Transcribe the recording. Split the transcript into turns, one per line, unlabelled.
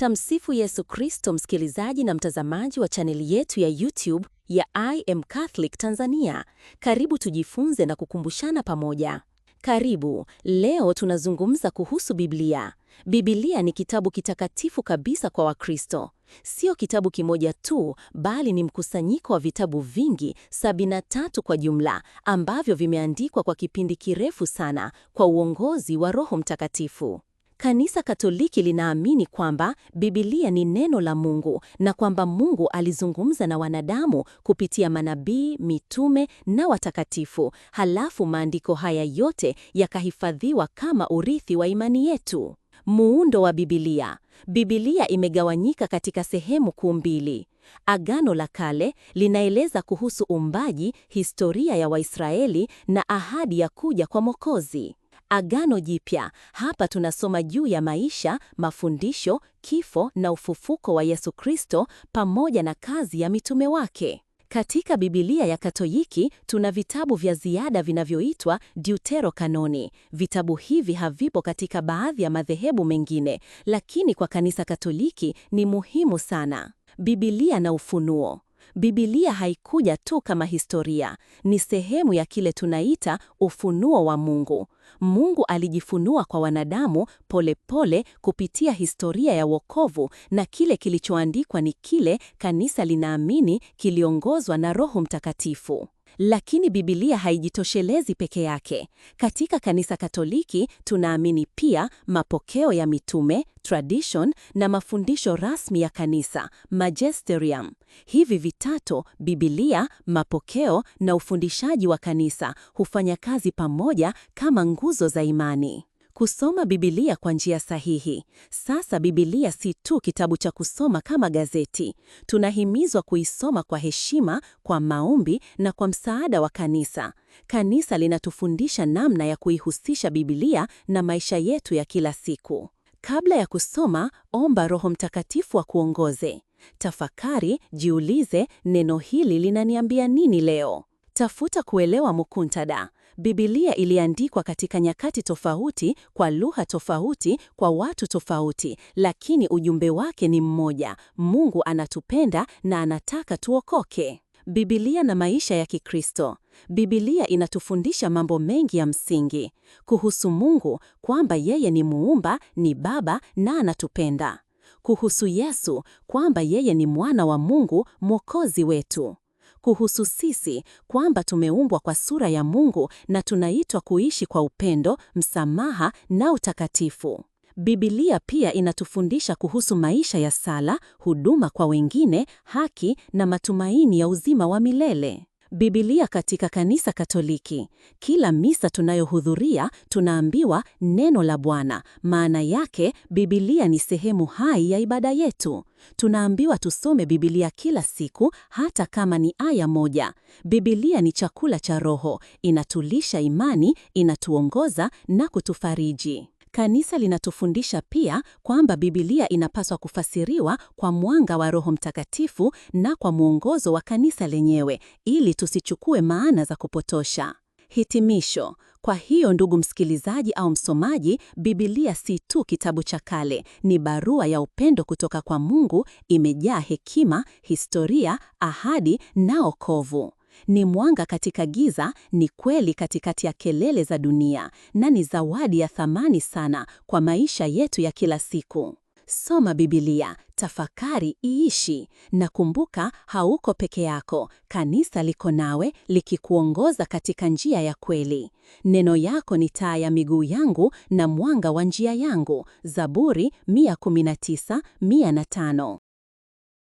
Tamsifu Yesu Kristo, msikilizaji na mtazamaji wa chaneli yetu ya YouTube ya I am Catholic Tanzania. Karibu tujifunze na kukumbushana pamoja. Karibu. Leo tunazungumza kuhusu Biblia. Biblia ni kitabu kitakatifu kabisa kwa Wakristo. Sio kitabu kimoja tu, bali ni mkusanyiko wa vitabu vingi 73 kwa jumla, ambavyo vimeandikwa kwa kipindi kirefu sana kwa uongozi wa Roho Mtakatifu. Kanisa Katoliki linaamini kwamba Biblia ni neno la Mungu na kwamba Mungu alizungumza na wanadamu kupitia manabii, mitume na watakatifu. Halafu maandiko haya yote yakahifadhiwa kama urithi wa imani yetu. Muundo wa Biblia. Biblia imegawanyika katika sehemu kuu mbili. Agano la Kale linaeleza kuhusu uumbaji, historia ya Waisraeli na ahadi ya kuja kwa Mwokozi. Agano Jipya. Hapa tunasoma juu ya maisha, mafundisho, kifo na ufufuko wa Yesu Kristo pamoja na kazi ya mitume wake. Katika Biblia ya Katoliki tuna vitabu vya ziada vinavyoitwa Deuterokanoni. Vitabu hivi havipo katika baadhi ya madhehebu mengine, lakini kwa Kanisa Katoliki ni muhimu sana. Biblia na Ufunuo. Biblia haikuja tu kama historia, ni sehemu ya kile tunaita ufunuo wa Mungu. Mungu alijifunua kwa wanadamu polepole pole kupitia historia ya wokovu, na kile kilichoandikwa ni kile kanisa linaamini kiliongozwa na Roho Mtakatifu. Lakini Biblia haijitoshelezi peke yake. Katika Kanisa Katoliki tunaamini pia mapokeo ya mitume, tradition na mafundisho rasmi ya kanisa, magisterium. Hivi vitatu, Biblia, mapokeo na ufundishaji wa kanisa hufanya kazi pamoja kama nguzo za imani. Kusoma Biblia kwa njia sahihi. Sasa Biblia si tu kitabu cha kusoma kama gazeti. Tunahimizwa kuisoma kwa heshima, kwa maombi na kwa msaada wa kanisa. Kanisa linatufundisha namna ya kuihusisha Biblia na maisha yetu ya kila siku. Kabla ya kusoma, omba Roho Mtakatifu akuongoze. Tafakari, jiulize, neno hili linaniambia nini leo? Tafuta kuelewa mukuntada Biblia iliandikwa katika nyakati tofauti, kwa lugha tofauti, kwa watu tofauti, lakini ujumbe wake ni mmoja: Mungu anatupenda na anataka tuokoke. Biblia na maisha ya Kikristo. Biblia inatufundisha mambo mengi ya msingi kuhusu Mungu, kwamba yeye ni muumba, ni baba na anatupenda; kuhusu Yesu, kwamba yeye ni mwana wa Mungu, mwokozi wetu; kuhusu sisi, kwamba tumeumbwa kwa sura ya Mungu na tunaitwa kuishi kwa upendo, msamaha na utakatifu. Biblia pia inatufundisha kuhusu maisha ya sala, huduma kwa wengine, haki na matumaini ya uzima wa milele. Biblia katika kanisa Katoliki, kila misa tunayohudhuria tunaambiwa neno la Bwana. Maana yake Biblia ni sehemu hai ya ibada yetu. Tunaambiwa tusome Biblia kila siku, hata kama ni aya moja. Biblia ni chakula cha roho, inatulisha imani, inatuongoza na kutufariji. Kanisa linatufundisha pia kwamba Biblia inapaswa kufasiriwa kwa mwanga wa Roho Mtakatifu na kwa mwongozo wa kanisa lenyewe ili tusichukue maana za kupotosha. Hitimisho. Kwa hiyo ndugu msikilizaji au msomaji, Biblia si tu kitabu cha kale, ni barua ya upendo kutoka kwa Mungu, imejaa hekima, historia, ahadi na okovu. Ni mwanga katika giza, ni kweli katikati ya kelele za dunia, na ni zawadi ya thamani sana kwa maisha yetu ya kila siku. Soma Biblia, tafakari, iishi, na kumbuka, hauko peke yako. Kanisa liko nawe likikuongoza katika njia ya kweli. Neno yako ni taa ya miguu yangu na mwanga wa njia yangu. Zaburi 119:105.